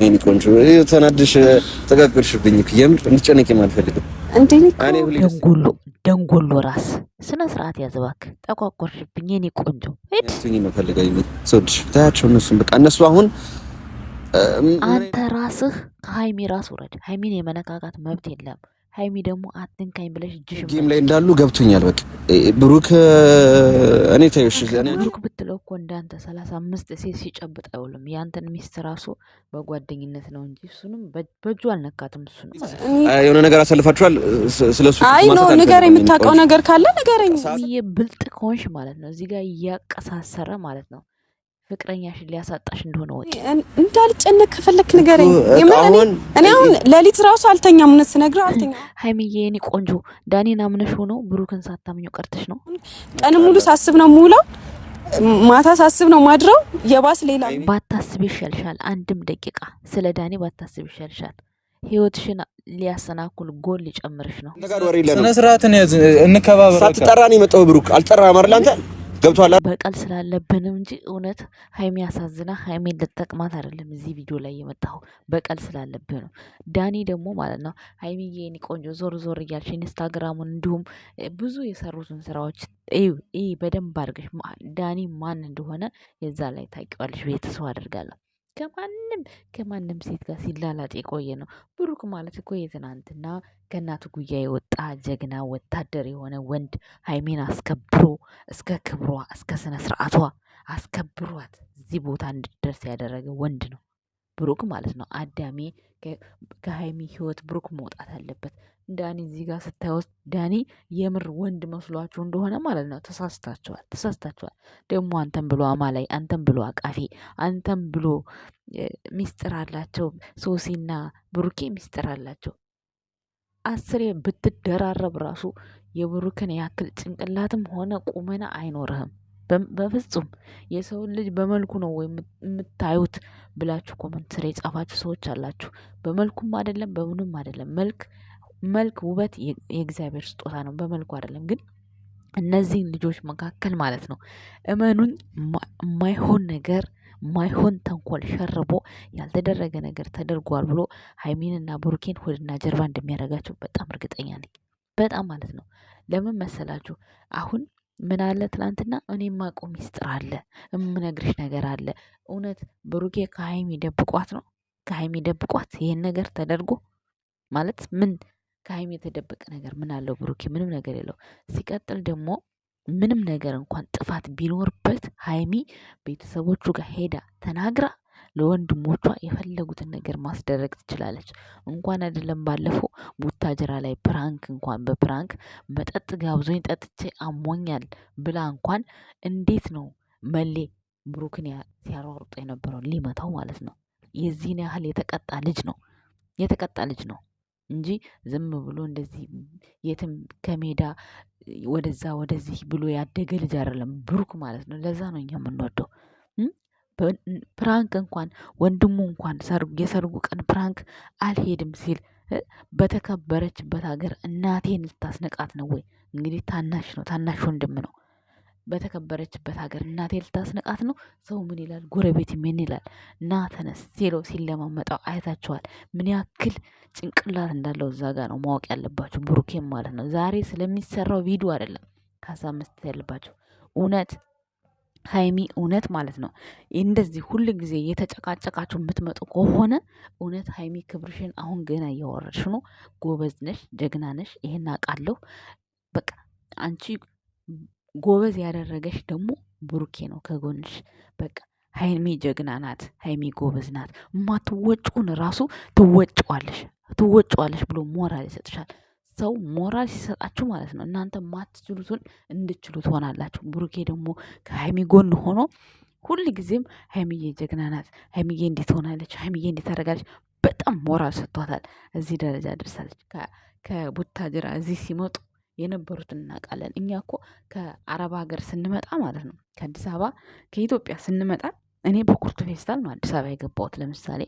የእኔ ቆንጆ ተናድሽ ተጋግርሽብኝ የምር እንድጨነቂም አልፈልግም። ደንጎሎ ደንጎሎ ራስ ስነ ስርዓት ያዘባክ ጠቋቆርሽብኝ የእኔ ቆንጆ ነው ፈልጋ ሰዎች ታያቸው እነሱም በቃ እነሱ አሁን አንተ ራስህ ከሀይሚ ራስ ውረድ። ሀይሚን የመነካካት መብት የለም። ሀይሚ ደግሞ አትንካኝ ብለሽ እጅሽ ጌም ላይ እንዳሉ ገብቶኛል። በቃ ብሩክ እኔ ታዩሽ ብሩክ ብትለው እኮ እንዳንተ ሰላሳ አምስት ሴት ሲጨብጥ አይውልም። ያንተን ሚስት ራሱ በጓደኝነት ነው እንጂ እሱንም በእጁ አልነካትም። እሱ የሆነ ነገር አሳልፋችኋል። ስለሱ አይ ኖ ነገር የምታውቀው ነገር ካለ ንገረኝ ብልጥ ከሆንሽ ማለት ነው እዚህ ጋር እያቀሳሰረ ማለት ነው ፍቅረኛሽን ሊያሳጣሽ እንደሆነ ወቂ እንዳልጨነቅ ከፈለክ ንገረኝ። እኔ አሁን ለሊት ራሱ አልተኛም፣ እውነት ስነግርህ አልተኛም። ሀይሚዬ የኔ ቆንጆ ዳኔን አምነሽ ሆኖ ብሩክን ሳታምኘው ቀርተሽ ነው። ቀን ሙሉ ሳስብ ነው የምውለው፣ ማታ ሳስብ ነው ማድረው። የባስ ሌላ ባታስብ ይሻልሻል። አንድም ደቂቃ ስለ ዳኔ ባታስብ ይሻልሻል። ህይወትሽን ሊያሰናኩል ጎል ሊጨምርሽ ነው። ስነስርዓትን እንከባበር። ሳትጠራ ነው የመጣው ብሩክ አልጠራ አይደል አንተ ገብቷላ በቀል ስላለብን እንጂ እውነት ሀይሜ ያሳዝና። ሀይሜን ልጠቅማት አይደለም እዚህ ቪዲዮ ላይ የመጣው በቀል ስላለብን ነው። ዳኒ ደግሞ ማለት ነው ሀይሚዬ፣ የኔ ቆንጆ ዞር ዞር እያልሽ ኢንስታግራሙን፣ እንዲሁም ብዙ የሰሩትን ስራዎች ይህ በደንብ አድርገሽ ዳኒ ማን እንደሆነ የዛ ላይ ታውቂዋለሽ። ቤተሰብ አድርጋለሁ ከማንም ከማንም ሴት ጋር ሲላላጥ የቆየ ነው። ብሩክ ማለት እኮ የትናንትና ከእናቱ ጉያ የወጣ ጀግና ወታደር የሆነ ወንድ ሀይሜን አስከብሮ እስከ ክብሯ እስከ ስነ ስርዓቷ አስከብሯት እዚህ ቦታ እንድደርስ ያደረገ ወንድ ነው። ብሩክ ማለት ነው። አዳሜ ከሀይሚ ህይወት ብሩክ መውጣት አለበት። ዳኒ እዚህ ጋር ስታዩት ዳኒ የምር ወንድ መስሏችሁ እንደሆነ ማለት ነው። ተሳስታችኋል፣ ተሳስታችኋል። ደግሞ አንተን ብሎ አማላይ፣ አንተን ብሎ አቃፊ፣ አንተን ብሎ ሚስጥር አላቸው። ሶሲና ብሩኬ ሚስጥር አላቸው። አስሬ ብትደራረብ ራሱ የብሩክን ያክል ጭንቅላትም ሆነ ቁመና አይኖርህም በፍጹም። የሰውን ልጅ በመልኩ ነው ወይ የምታዩት ብላችሁ ኮመንት ስር የጻፋችሁ ሰዎች አላችሁ። በመልኩም አይደለም በምኑም አይደለም መልክ መልክ ውበት የእግዚአብሔር ስጦታ ነው። በመልኩ አይደለም ግን እነዚህን ልጆች መካከል ማለት ነው እመኑኝ ማይሆን ነገር ማይሆን ተንኮል ሸርቦ ያልተደረገ ነገር ተደርጓል ብሎ ሀይሚንና ብሩኬን ሆድና ጀርባ እንደሚያደርጋቸው በጣም እርግጠኛ ነኝ። በጣም ማለት ነው። ለምን መሰላችሁ? አሁን ምን አለ ትናንትና፣ እኔ ማውቀው ሚስጥር አለ፣ የምነግርሽ ነገር አለ። እውነት ብሩኬ ከሀይሚ ደብቋት ነው ከሀይሚ ደብቋት ይህን ነገር ተደርጎ ማለት ምን ከሀይሚ የተደበቀ ነገር ምን አለው? ብሩኬ ምንም ነገር የለው። ሲቀጥል ደግሞ ምንም ነገር እንኳን ጥፋት ቢኖርበት ሀይሚ ቤተሰቦቹ ጋር ሄዳ ተናግራ ለወንድሞቿ የፈለጉትን ነገር ማስደረግ ትችላለች። እንኳን አይደለም ባለፈው ቡታጀራ ላይ ፕራንክ እንኳን በፕራንክ መጠጥ ጋብዞኝ ጠጥቼ አሞኛል ብላ እንኳን እንዴት ነው መሌ ብሩክን ሲያሯሩጦ የነበረው ሊመታው ማለት ነው። የዚህን ያህል የተቀጣ ልጅ ነው የተቀጣ ልጅ ነው። እንጂ ዝም ብሎ እንደዚህ የትም ከሜዳ ወደዛ ወደዚህ ብሎ ያደገ ልጅ አይደለም ብሩክ ማለት ነው። ለዛ ነው እኛ የምንወደው። ፕራንክ እንኳን ወንድሙ እንኳን የሰርጉ ቀን ፕራንክ አልሄድም ሲል በተከበረችበት ሀገር እናቴን ልታስነቃት ነው ወይ? እንግዲህ ታናሽ ነው ታናሽ ወንድም ነው። በተከበረችበት ሀገር እናቴ ልታስነቃት ነው። ሰው ምን ይላል? ጎረቤት ምን ይላል? ና ተነስ ሲለው ሲለማመጣው አይታችኋል። ምን ያክል ጭንቅላት እንዳለው እዛ ጋር ነው ማወቅ ያለባቸው። ብሩኬም ማለት ነው ዛሬ ስለሚሰራው ቪዲዮ አይደለም ካሳ መስጠት ያለባቸው እውነት ሀይሚ እውነት ማለት ነው እንደዚህ ሁል ጊዜ የተጨቃጨቃችሁ የምትመጡ ከሆነ እውነት ሀይሚ ክብርሽን አሁን ገና እያወረድሽ ነው። ጎበዝ ነሽ፣ ጀግና ነሽ። ይሄን አውቃለሁ። በቃ አንቺ ጎበዝ ያደረገሽ ደግሞ ብሩኬ ነው ከጎንሽ። በቃ ሀይሚ ጀግና ናት፣ ሀይሚ ጎበዝ ናት። እማትወጪውን ራሱ ትወጫዋለሽ ትወጫዋለሽ ብሎ ሞራል ይሰጥሻል። ሰው ሞራል ሲሰጣችሁ ማለት ነው እናንተ ማትችሉትን እንድችሉ ትሆናላችሁ። ብሩኬ ደግሞ ከሀይሚ ጎን ሆኖ ሁል ጊዜም ሀይሚዬ ጀግና ናት፣ ሀይሚዬ እንዴት ሆናለች፣ ሀይሚዬ እንዴት ታደርጋለች፣ በጣም ሞራል ሰጥቷታል። እዚህ ደረጃ ደርሳለች። ከቡታጅራ እዚህ ሲመጡ የነበሩትን እናውቃለን። እኛ እኮ ከአረብ ሀገር ስንመጣ ማለት ነው ከአዲስ አበባ ከኢትዮጵያ ስንመጣ እኔ በኩርቱ ፌስታል ነው አዲስ አበባ የገባሁት። ለምሳሌ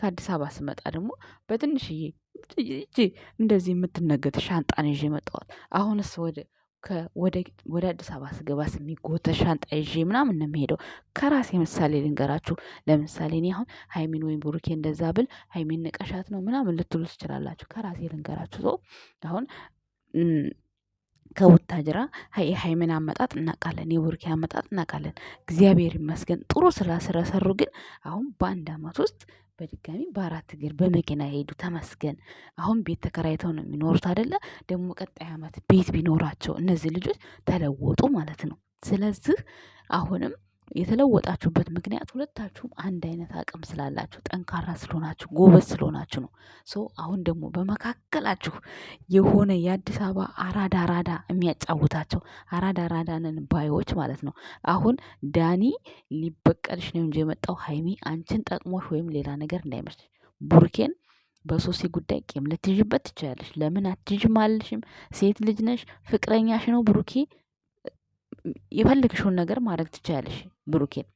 ከአዲስ አበባ ስመጣ ደግሞ በትንሽዬ ይቺ እንደዚህ የምትነገት ሻንጣን ይዤ መጣዋል። አሁንስ ወደ ወደ አዲስ አበባ ስገባስ የሚጎተት ሻንጣ ይዤ ምናምን ነው ከራሴ ምሳሌ ልንገራችሁ። ለምሳሌ እኔ አሁን ሀይሚን ወይም ብሩኬ እንደዛ ብል ሀይሚን ንቀሻት ነው ምናምን ልትሉ ትችላላችሁ። ከራሴ ልንገራችሁ ሰው አሁን ከቡታጅራ የሃይምን አመጣጥ እናውቃለን፣ የቡርኪ አመጣጥ እናቃለን። እግዚአብሔር ይመስገን ጥሩ ስራ ስለሰሩ ግን አሁን በአንድ አመት ውስጥ በድጋሚ በአራት እግር በመኪና ሄዱ። ተመስገን። አሁን ቤት ተከራይተው ነው የሚኖሩት አይደለ? ደግሞ ቀጣይ አመት ቤት ቢኖራቸው እነዚህ ልጆች ተለወጡ ማለት ነው። ስለዚህ አሁንም የተለወጣችሁበት ምክንያት ሁለታችሁም አንድ አይነት አቅም ስላላችሁ ጠንካራ ስለሆናችሁ ጎበዝ ስለሆናችሁ ነው። ሶ አሁን ደግሞ በመካከላችሁ የሆነ የአዲስ አበባ አራዳ አራዳ የሚያጫውታቸው አራዳ አራዳንን ባዮች ማለት ነው። አሁን ዳኒ ሊበቀልሽ ነው እንጂ የመጣው ሀይሚ አንቺን ጠቅሞሽ ወይም ሌላ ነገር እንዳይመስልሽ ቡርኬን በሶሲ ጉዳይ ቂም ልትይዥበት ትችላለሽ። ለምን አትይዥም አልልሽም። ሴት ልጅ ነሽ፣ ፍቅረኛሽ ነው ብሩኬ የፈለግሽውን ነገር ማድረግ ትችላለሽ ብሩኬን።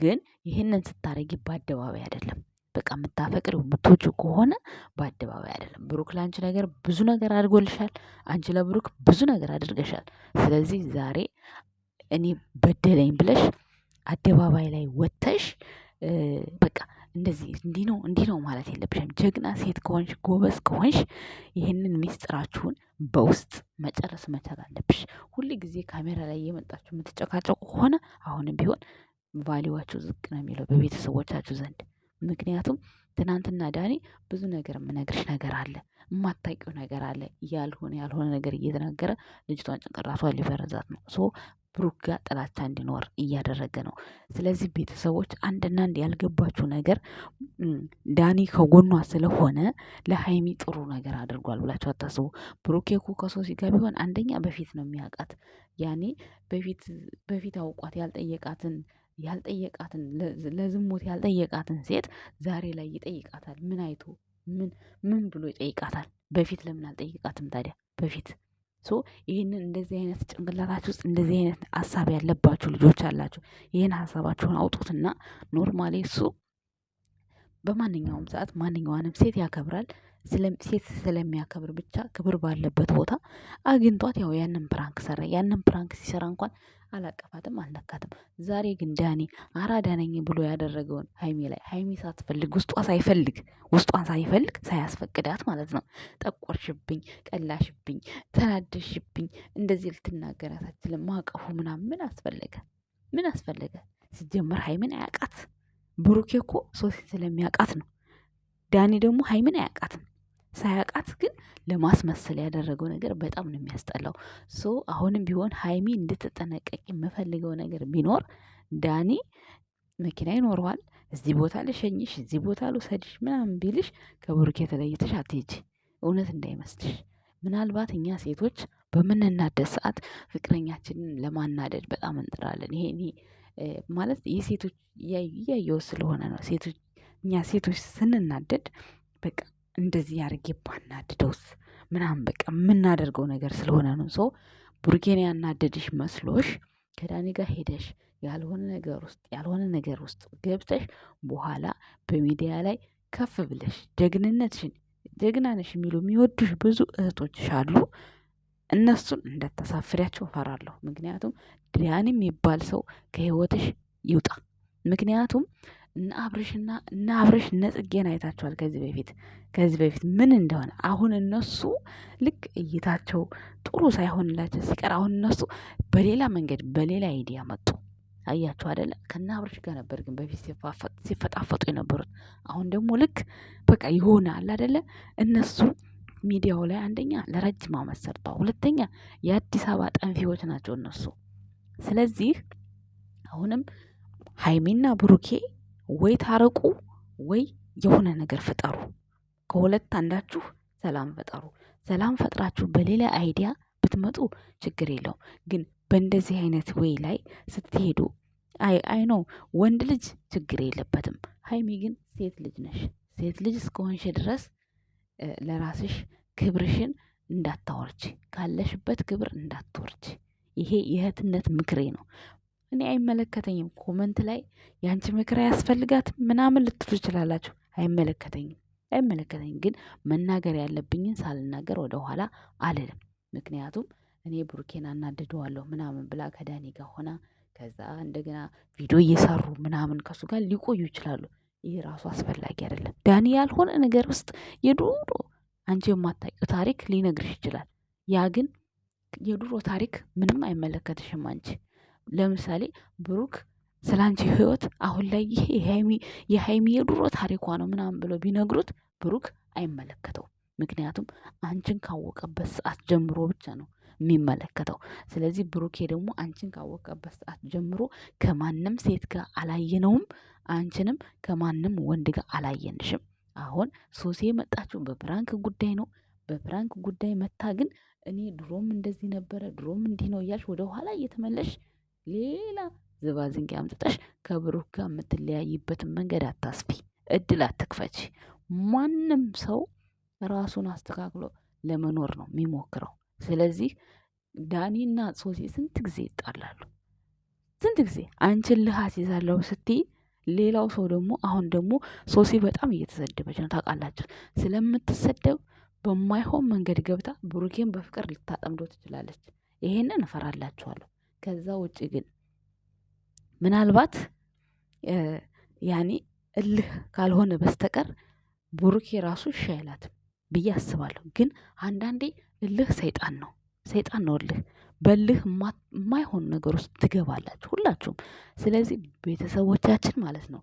ግን ይህንን ስታረጊ በአደባባይ አይደለም። በቃ የምታፈቅሪው የምትወጪው ከሆነ በአደባባይ አይደለም። ብሩክ ለአንቺ ነገር ብዙ ነገር አድርጎልሻል። አንቺ ለብሩክ ብዙ ነገር አድርገሻል። ስለዚህ ዛሬ እኔ በደለኝ ብለሽ አደባባይ ላይ ወጥተሽ በቃ እንደዚህ እንዲህ ነው እንዲህ ነው ማለት የለብሽም። ጀግና ሴት ከሆንሽ ጎበዝ ከሆንሽ ይህንን ሚስጥራችሁን በውስጥ መጨረስ መቻል አለብሽ። ሁል ጊዜ ካሜራ ላይ የመጣችሁ የምትጨቃጨቁ ከሆነ አሁንም ቢሆን ቫሊዋችሁ ዝቅ ነው የሚለው በቤተሰቦቻችሁ ዘንድ። ምክንያቱም ትናንትና ዳኒ ብዙ ነገር የምነግርሽ ነገር አለ የማታውቂው ነገር አለ። ያልሆነ ያልሆነ ነገር እየተናገረ ልጅቷን ጭንቅላቷ ሊበረዛት ነው። ሶ ብሩክ ጋር ጥላቻ እንዲኖር እያደረገ ነው። ስለዚህ ቤተሰቦች አንድና አንድ ያልገባችው ነገር ዳኒ ከጎኗ ስለሆነ ለሀይሚ ጥሩ ነገር አድርጓል ብላችሁ አታስቡ። ብሩክ እኮ ከሶሲ ጋር ቢሆን አንደኛ በፊት ነው የሚያውቃት። ያኔ በፊት በፊት አውቋት ያልጠየቃትን ያልጠየቃትን ለዝሙት ያልጠየቃትን ሴት ዛሬ ላይ ይጠይቃታል። ምን አይቶ ምን ምን ብሎ ይጠይቃታል? በፊት ለምን አልጠይቃትም ታዲያ በፊት ሶ ይህንን እንደዚህ አይነት ጭንቅላታችሁ ውስጥ እንደዚህ አይነት ሀሳብ ያለባችሁ ልጆች አላችሁ፣ ይህን ሀሳባችሁን አውጡትና ኖርማሌ እሱ በማንኛውም ሰዓት ማንኛዋንም ሴት ያከብራል። ሴት ስለሚያከብር ብቻ ክብር ባለበት ቦታ አግኝቷት ያው ያንን ፕራንክ ሰራ። ያንን ፕራንክ ሲሰራ እንኳን አላቀፋትም፣ አልነካትም። ዛሬ ግን ዳኒ አራዳ ነኝ ብሎ ያደረገውን ሀይሚ ላይ ሀይሚ ሳትፈልግ ውስጧ ሳይፈልግ ውስጧን ሳይፈልግ ሳያስፈቅዳት ማለት ነው። ጠቆርሽብኝ፣ ቀላሽብኝ፣ ተናደሽብኝ፣ እንደዚህ ልትናገራት አትችልም። ማቀፉ ምናምን ምን አስፈለገ? ምን አስፈለገ? ሲጀመር ሀይምን አያውቃት ብሩኬ እኮ ሶሴ ስለሚያውቃት ነው። ዳኒ ደግሞ ሀይምን አያውቃትም። ሳያውቃት ግን ለማስመሰል ያደረገው ነገር በጣም ነው የሚያስጠላው። ሶ አሁንም ቢሆን ሀይሚ እንድትጠነቀቅ የምፈልገው ነገር ቢኖር ዳኒ መኪና ይኖረዋል። እዚህ ቦታ ልሸኝሽ፣ እዚህ ቦታ ልውሰድሽ ምናምን ቢልሽ ከብሩኬ የተለይተሽ አትሄጂ፣ እውነት እንዳይመስልሽ። ምናልባት እኛ ሴቶች በምንናደድ ሰዓት ፍቅረኛችንን ለማናደድ በጣም እንጥራለን። ይሄ ማለት የሴቶች እያየው ስለሆነ ነው። ሴቶች እኛ ሴቶች ስንናደድ በቃ እንደዚህ አድርጌ ባናድደውስ ምናምን በቃ የምናደርገው ነገር ስለሆነ ነው። ሰው ቡርጌን ያናደድሽ መስሎሽ ከዳኒ ጋር ሄደሽ ያልሆነ ነገር ውስጥ ያልሆነ ነገር ውስጥ ገብተሽ በኋላ በሚዲያ ላይ ከፍ ብለሽ ጀግንነትሽን ጀግና የሚሉ የሚወዱሽ ብዙ እህቶችሽ አሉ። እነሱን እንዳታሳፍሪያቸው እፈራለሁ። ምክንያቱም ዳኒ የሚባል ሰው ከህይወትሽ ይውጣ። ምክንያቱም እነ አብርሽና እነ አይታቸዋል። ከዚህ በፊት ከዚህ በፊት ምን እንደሆነ አሁን እነሱ ልክ እይታቸው ጥሩ ሳይሆንላቸው ሲቀር አሁን እነሱ በሌላ መንገድ በሌላ አይዲያ መጡ። አያቸው አደለ ከናብረሽ ጋር ነበር ግን በፊት ሲፈጣፈጡ የነበሩት። አሁን ደግሞ ልክ በቃ ይሆናል አደለ እነሱ ሚዲያው ላይ አንደኛ ለረጅም አመት ሰርተዋል፣ ሁለተኛ የአዲስ አበባ ጠንፊዎች ናቸው እነሱ። ስለዚህ አሁንም ሀይሚና ብሩኬ ወይ ታረቁ ወይ የሆነ ነገር ፍጠሩ። ከሁለት አንዳችሁ ሰላም ፈጠሩ። ሰላም ፈጥራችሁ በሌላ አይዲያ ብትመጡ ችግር የለውም። ግን በእንደዚህ አይነት ወይ ላይ ስትሄዱ አይ አይ ነው ወንድ ልጅ ችግር የለበትም። ሀይሚ ግን ሴት ልጅ ነሽ። ሴት ልጅ እስከሆንሽ ድረስ ለራስሽ ክብርሽን እንዳታወርች፣ ካለሽበት ክብር እንዳትወርች። ይሄ የእህትነት ምክሬ ነው። እኔ አይመለከተኝም። ኮመንት ላይ የአንቺ ምክር ያስፈልጋት ምናምን ልትሉ ይችላላችሁ። አይመለከተኝም አይመለከተኝም፣ ግን መናገር ያለብኝን ሳልናገር ወደኋላ አልልም። ምክንያቱም እኔ ብሩኬን አናድደዋለሁ ምናምን ብላ ከዳኒ ጋር ሆና ከዛ እንደገና ቪዲዮ እየሰሩ ምናምን ከሱ ጋር ሊቆዩ ይችላሉ። ይህ ራሱ አስፈላጊ አይደለም። ዳኒ ያልሆነ ነገር ውስጥ የዱሮ አንቺ የማታውቂው ታሪክ ሊነግርሽ ይችላል። ያ ግን የዱሮ ታሪክ ምንም አይመለከትሽም አንቺ ለምሳሌ ብሩክ ስላንቺ ህይወት አሁን ላይ ይሄ የሀይሚ የድሮ ታሪኳ ነው ምናምን ብለው ቢነግሩት ብሩክ አይመለከተው ምክንያቱም አንቺን ካወቀበት ሰዓት ጀምሮ ብቻ ነው የሚመለከተው። ስለዚህ ብሩኬ ደግሞ አንቺን ካወቀበት ሰዓት ጀምሮ ከማንም ሴት ጋር አላየነውም፣ አንቺንም ከማንም ወንድ ጋር አላየንሽም። አሁን ሶሴ የመጣችው በፕራንክ ጉዳይ ነው። በፕራንክ ጉዳይ መታ ግን እኔ ድሮም እንደዚህ ነበረ ድሮም እንዲህ ነው እያልሽ ወደኋላ እየተመለሽ ሌላ ዝባዝንጌ አምጥጠሽ ከብሩክ ጋር የምትለያይበትን መንገድ አታስቢ፣ እድል አትክፈች። ማንም ሰው ራሱን አስተካክሎ ለመኖር ነው የሚሞክረው። ስለዚህ ዳኒና ሶሲ ስንት ጊዜ ይጣላሉ? ስንት ጊዜ አንቺን ልህ ይዛለው ስትይ ሌላው ሰው ደግሞ አሁን ደግሞ ሶሲ በጣም እየተሰደበች ነው ታውቃላችሁ። ስለምትሰደብ በማይሆን መንገድ ገብታ ብሩኬን በፍቅር ልታጠምዶ ትችላለች። ይሄንን እፈራላችኋለሁ። ከዛ ውጭ ግን ምናልባት ያኔ እልህ ካልሆነ በስተቀር ቡሩኬ ራሱ እሺ አይላትም ብዬ አስባለሁ። ግን አንዳንዴ እልህ ሰይጣን ነው፣ ሰይጣን ነው እልህ። በልህ የማይሆን ነገር ውስጥ ትገባላችሁ ሁላችሁም። ስለዚህ ቤተሰቦቻችን ማለት ነው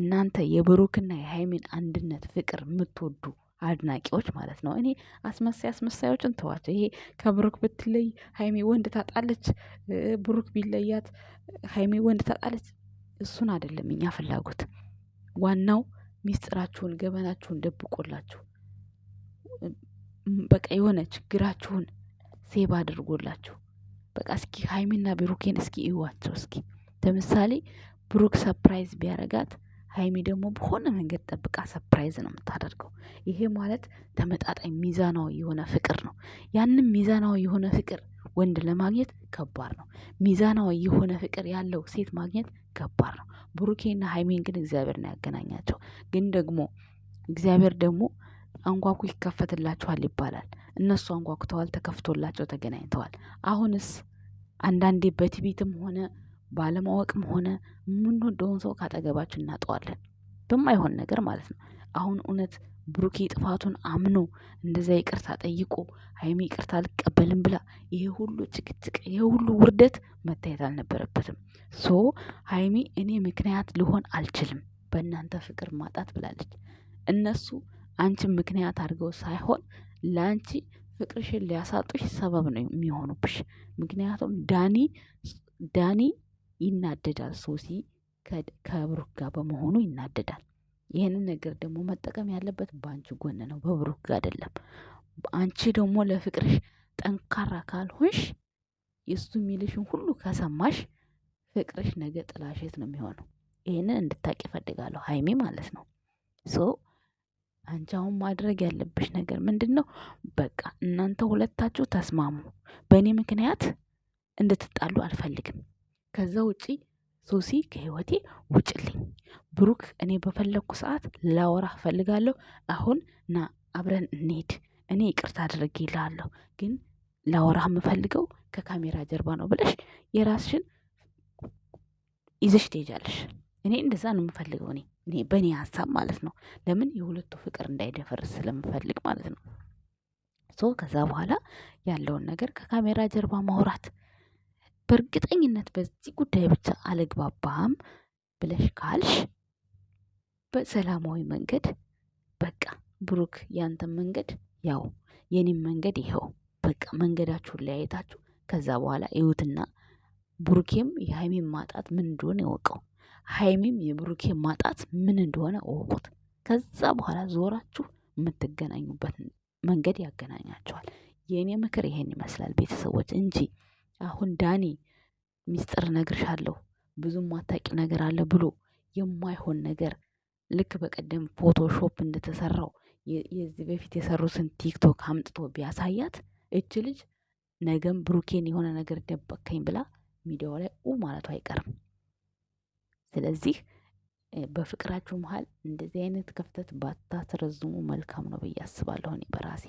እናንተ የብሩክና የሃይሚን አንድነት ፍቅር የምትወዱ አድናቂዎች ማለት ነው። እኔ አስመሳይ አስመሳዮችን ተዋቸው። ይሄ ከብሩክ ብትለይ ሀይሜ ወንድ ታጣለች፣ ብሩክ ቢለያት ሀይሜ ወንድ ታጣለች። እሱን አይደለም እኛ ፍላጎት። ዋናው ሚስጥራችሁን ገበናችሁን ደብቆላችሁ በቃ የሆነ ችግራችሁን ሴብ አድርጎላችሁ በቃ እስኪ ሀይሜና ብሩኬን እስኪ እዩዋቸው። እስኪ ለምሳሌ ብሩክ ሰፕራይዝ ቢያረጋት ሀይሚ ደግሞ በሆነ መንገድ ጠብቃ ሰፕራይዝ ነው የምታደርገው። ይሄ ማለት ተመጣጣኝ ሚዛናዊ የሆነ ፍቅር ነው። ያንም ሚዛናዊ የሆነ ፍቅር ወንድ ለማግኘት ከባድ ነው። ሚዛናዊ የሆነ ፍቅር ያለው ሴት ማግኘት ከባድ ነው። ብሩኬና ሀይሚን ግን እግዚአብሔር ነው ያገናኛቸው። ግን ደግሞ እግዚአብሔር ደግሞ አንጓኩ ይከፈትላችኋል ይባላል። እነሱ አንኳኩተዋል፣ ተከፍቶላቸው ተገናኝተዋል። አሁንስ አንዳንዴ በትቢትም ሆነ ባለማወቅም ሆነ የምንወደውን ሰው ካጠገባችን እናጠዋለን በማይሆን ነገር ማለት ነው። አሁን እውነት ብሩኬ ጥፋቱን አምኖ እንደዛ ይቅርታ ጠይቆ ሀይሚ ይቅርታ አልቀበልም ብላ ይሄ ሁሉ ጭቅጭቅ ይሄ ሁሉ ውርደት መታየት አልነበረበትም። ሶ ሀይሚ እኔ ምክንያት ልሆን አልችልም በእናንተ ፍቅር ማጣት ብላለች። እነሱ አንቺን ምክንያት አድርገው ሳይሆን ለአንቺ ፍቅርሽን ሊያሳጡሽ ሰበብ ነው የሚሆኑብሽ። ምክንያቱም ዳኒ ዳኒ ይናደዳል። ሶሲ ከብሩክ ጋር በመሆኑ ይናደዳል። ይህንን ነገር ደግሞ መጠቀም ያለበት በአንቺ ጎን ነው፣ በብሩክ ጋር አይደለም። አንቺ ደግሞ ለፍቅርሽ ጠንካራ ካልሆንሽ የእሱ የሚልሽን ሁሉ ከሰማሽ ፍቅርሽ ነገ ጥላሸት ነው የሚሆነው። ይህንን እንድታቅ ይፈልጋለሁ ሀይሜ ማለት ነው። ሶ አንቺ አሁን ማድረግ ያለብሽ ነገር ምንድን ነው? በቃ እናንተ ሁለታችሁ ተስማሙ። በእኔ ምክንያት እንድትጣሉ አልፈልግም። ከዛ ውጪ ሶሲ ከህይወቴ ውጭልኝ። ብሩክ እኔ በፈለግኩ ሰዓት ላወራ ፈልጋለሁ አሁን ና አብረን እንሄድ። እኔ ይቅርታ አድርጌ ይላለሁ፣ ግን ላወራ የምፈልገው ከካሜራ ጀርባ ነው ብለሽ የራስሽን ይዘሽ ትሄጃለሽ። እኔ እንደዛ ነው የምፈልገው። እኔ እኔ በእኔ ሀሳብ ማለት ነው። ለምን የሁለቱ ፍቅር እንዳይደፈርስ ስለምፈልግ ማለት ነው። ሶ ከዛ በኋላ ያለውን ነገር ከካሜራ ጀርባ ማውራት በእርግጠኝነት በዚህ ጉዳይ ብቻ አልግባባም ብለሽ ካልሽ በሰላማዊ መንገድ በቃ ብሩክ ያንተን መንገድ ያው የኔም መንገድ ይኸው በቃ መንገዳችሁን ለያየታችሁ ከዛ በኋላ እዩትና ብሩኬም የሀይሜን ማጣት ምን እንደሆነ ይወቀው፣ ሀይሜም የብሩኬን ማጣት ምን እንደሆነ እወቁት። ከዛ በኋላ ዞራችሁ የምትገናኙበትን መንገድ ያገናኛቸዋል። የእኔ ምክር ይሄን ይመስላል ቤተሰቦች እንጂ አሁን ዳኒ ሚስጥር እነግርሻለሁ ብዙም ማታቂ ነገር አለ ብሎ የማይሆን ነገር ልክ በቀደም ፎቶሾፕ እንደተሰራው የዚህ በፊት የሰሩትን ቲክቶክ አምጥቶ ቢያሳያት እች ልጅ ነገም ብሩኬን የሆነ ነገር ደበቀኝ ብላ ሚዲያው ላይ ኡ ማለቱ አይቀርም። ስለዚህ በፍቅራችሁ መሀል እንደዚህ አይነት ክፍተት ባታስረዝሙ መልካም ነው ብዬ አስባለሁ እኔ በራሴ።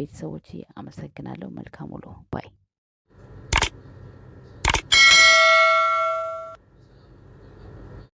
ቤተሰቦች አመሰግናለሁ። መልካም ውሎ ባይ